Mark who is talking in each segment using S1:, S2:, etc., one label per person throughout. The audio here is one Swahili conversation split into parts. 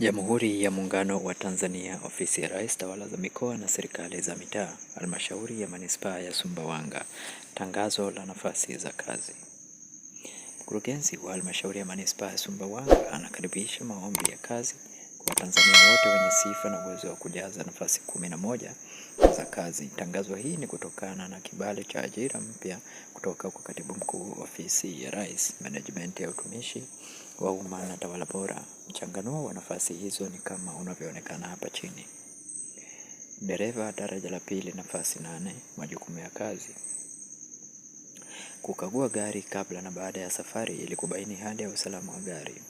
S1: Jamhuri ya Muungano wa Tanzania, Ofisi ya Rais, Tawala za Mikoa na Serikali za Mitaa, Halmashauri ya Manispaa ya Sumbawanga. Tangazo la nafasi za kazi. Mkurugenzi wa Halmashauri ya Manispaa ya Sumbawanga anakaribisha maombi ya kazi kwa Watanzania wote wenye sifa na uwezo wa kujaza nafasi kumi na moja za kazi. Tangazo hii ni kutokana na kibali cha ajira mpya kutoka kwa Katibu Mkuu, Ofisi ya Rais, Management ya Utumishi wa umma na tawala bora. Mchanganuo wa nafasi hizo ni kama unavyoonekana hapa chini. Dereva daraja la pili, nafasi nane. Majukumu ya kazi: kukagua gari kabla na baada ya safari ili kubaini hali ya usalama wa gari,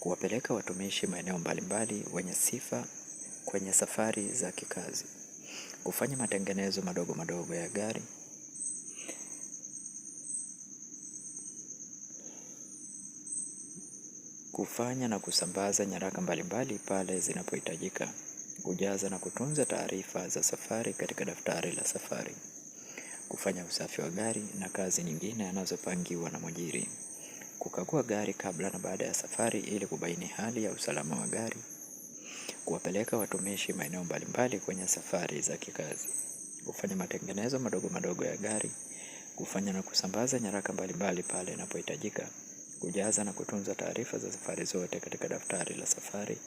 S1: kuwapeleka watumishi maeneo mbalimbali wenye sifa kwenye safari za kikazi, kufanya matengenezo madogo madogo ya gari. kufanya na kusambaza nyaraka mbalimbali pale zinapohitajika, kujaza na kutunza taarifa za safari katika daftari la safari, kufanya usafi wa gari na kazi nyingine anazopangiwa na mwajiri, kukagua gari kabla na baada ya safari ili kubaini hali ya usalama wa gari, kuwapeleka watumishi maeneo mbalimbali kwenye safari za kikazi, kufanya matengenezo madogo madogo ya gari, kufanya na kusambaza nyaraka mbalimbali pale inapohitajika kujaza na kutunza taarifa za safari zote katika daftari la safari,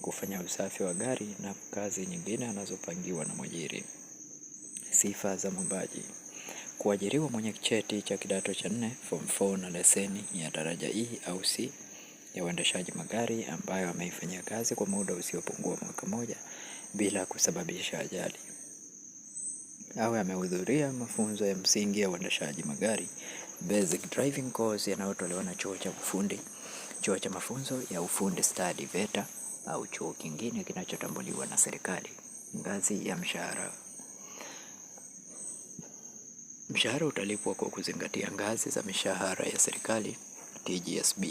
S1: kufanya usafi wa gari na kazi nyingine anazopangiwa na mwajiri. Sifa za mwombaji: kuajiriwa mwenye cheti cha kidato cha nne form 4 na leseni ya daraja E au C ya uendeshaji magari ambayo ameifanyia kazi kwa muda usiopungua mwaka mmoja bila kusababisha ajali. Awe amehudhuria mafunzo ya msingi ya uendeshaji magari basic driving course yanayotolewa na chuo cha ufundi, chuo cha mafunzo ya ufundi stadi VETA au chuo kingine kinachotambuliwa na serikali. Ngazi ya mshahara. Mshahara utalipwa kwa kuzingatia ngazi za mishahara ya serikali TGSB.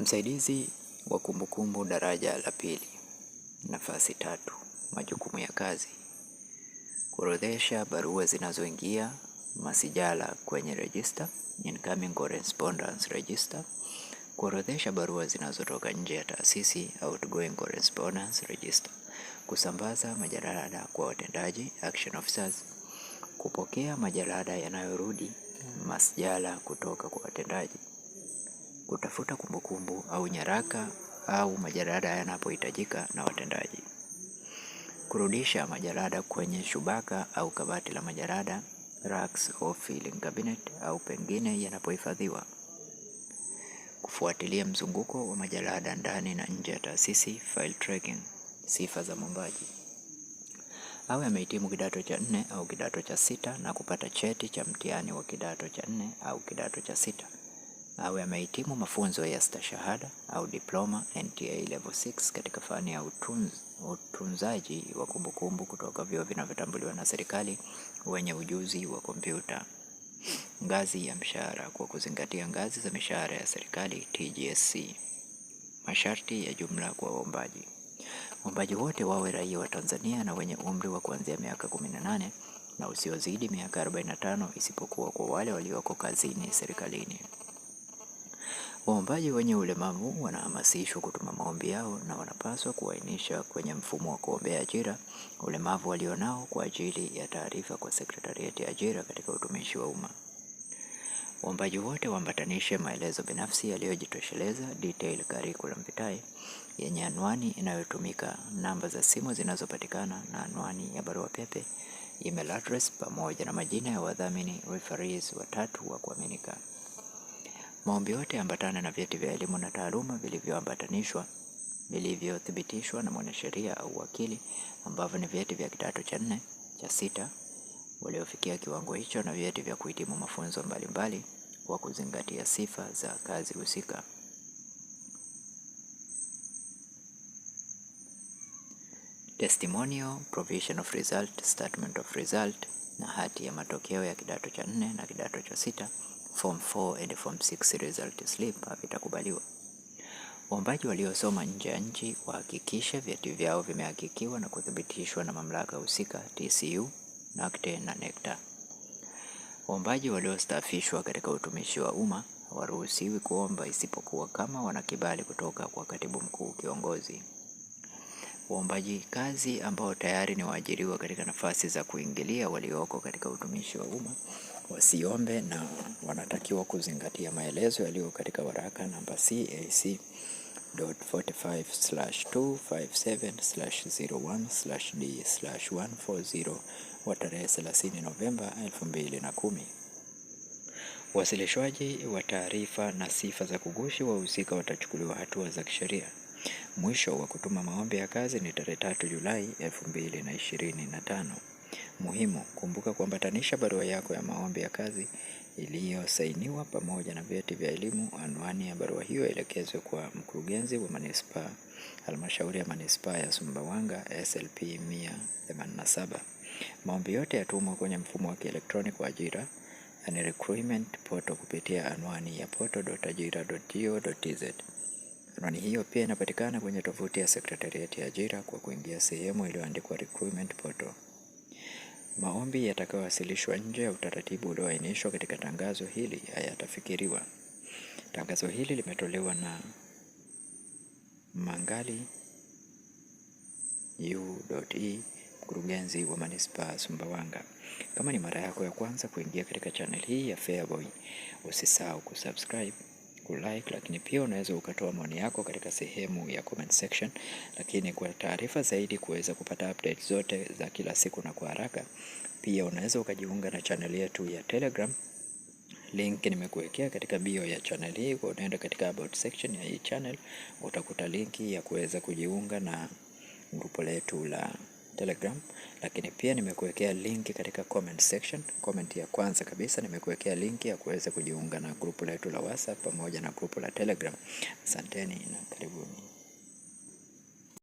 S1: Msaidizi wa kumbukumbu daraja la pili, nafasi tatu. Majukumu ya kazi: kuorodhesha barua zinazoingia masijala kwenye register, incoming correspondence register, kuorodhesha barua zinazotoka nje ya taasisi, outgoing correspondence register, kusambaza majalada kwa watendaji, action officers, kupokea majalada yanayorudi masijala kutoka kwa watendaji, kutafuta kumbukumbu au nyaraka au majalada yanapohitajika na watendaji, kurudisha majalada kwenye shubaka au kabati la majalada racks of filing cabinet au pengine yanapohifadhiwa. Kufuatilia mzunguko wa majalada ndani na nje ya taasisi, file tracking. Sifa za mwombaji: awe amehitimu kidato cha nne au kidato cha sita na kupata cheti cha mtihani wa kidato cha nne au kidato cha sita awe amehitimu mafunzo ya stashahada au diploma NTA level 6 katika fani ya utunz, utunzaji wa kumbukumbu kutoka vyuo vinavyotambuliwa na serikali wenye ujuzi wa kompyuta. Ngazi ya mshahara kwa kuzingatia ngazi za mishahara ya serikali TGSC. Masharti ya jumla kwa waombaji. Waombaji wote wawe raia wa Tanzania na wenye umri wa kuanzia miaka 18 na usiozidi miaka 45 isipokuwa kwa wale walioko kazini serikalini. Waombaji wenye ulemavu wanahamasishwa kutuma maombi yao na wanapaswa kuainisha kwenye mfumo wa kuombea ajira ulemavu walionao kwa ajili ya taarifa kwa Sekretarieti ya Ajira katika Utumishi wa Umma. Waombaji wote waambatanishe maelezo binafsi yaliyojitosheleza detail curriculum vitae yenye anwani inayotumika, namba za simu zinazopatikana na anwani ya barua pepe, email address pamoja na majina ya wadhamini referees watatu wa kuaminika. Maombi yote yaambatana na vyeti vya elimu na taaluma vilivyoambatanishwa vilivyothibitishwa na mwanasheria au wakili ambavyo ni vyeti vya kidato cha nne, cha sita waliofikia kiwango hicho na vyeti vya kuhitimu mafunzo mbalimbali kwa kuzingatia sifa za kazi husika. Testimonial, provision of result, statement of result na hati ya matokeo ya kidato cha nne na kidato cha sita form 4 and form 6 result slip vitakubaliwa. Waombaji waliosoma nje ya nchi wahakikishe vyeti vyao vimehakikiwa na kuthibitishwa na mamlaka husika TCU, NACTE na NECTA. Waombaji waliostaafishwa katika utumishi wa umma waruhusiwi kuomba isipokuwa kama wana kibali kutoka kwa katibu mkuu kiongozi. Waombaji kazi ambao tayari ni waajiriwa katika nafasi za kuingilia walioko katika utumishi wa umma wasiombe na wanatakiwa kuzingatia maelezo yaliyo katika waraka namba CAC.45/257/01/D/140 wa tarehe 30 Novemba 2010. Wasilishwaji wa taarifa na sifa za kugushi wahusika watachukuliwa hatua za kisheria. Mwisho wa kutuma maombi ya kazi ni tarehe 3 Julai 2025. Muhimu, kumbuka kuambatanisha barua yako ya maombi ya kazi iliyosainiwa pamoja na vyeti vya elimu. Anwani ya barua hiyo ielekezwe kwa mkurugenzi wa manispaa, halmashauri ya manispaa ya Sumbawanga, SLP 187. Maombi yote yatumwa kwenye mfumo wa kielektroniki wa ajira, yaani recruitment portal, kupitia anwani ya portal.ajira.go.tz. Anwani hiyo pia inapatikana kwenye tovuti ya Sekretarieti ya Ajira kwa kuingia sehemu iliyoandikwa recruitment portal. Maombi yatakayowasilishwa nje ya utaratibu ulioainishwa katika tangazo hili hayatafikiriwa. Tangazo hili limetolewa na Mangali U.E, mkurugenzi wa manispaa Sumbawanga. Kama ni mara yako ya kwanza kuingia katika channel hii ya Feaboy, usisahau kusubscribe kulike, lakini pia unaweza ukatoa maoni yako katika sehemu ya comment section. Lakini kwa taarifa zaidi kuweza kupata update zote za kila siku na kwa haraka, pia unaweza ukajiunga na channel yetu ya Telegram. Link nimekuwekea katika bio ya channel hii. Kwa unaenda katika about section ya hii channel, utakuta linki ya kuweza kujiunga na grupo letu la Telegram, lakini pia nimekuwekea linki katika comment section. Comment ya kwanza kabisa nimekuwekea linki ya kuweza kujiunga na grupu letu la WhatsApp pamoja na grupu la Telegram. Asanteni na karibuni.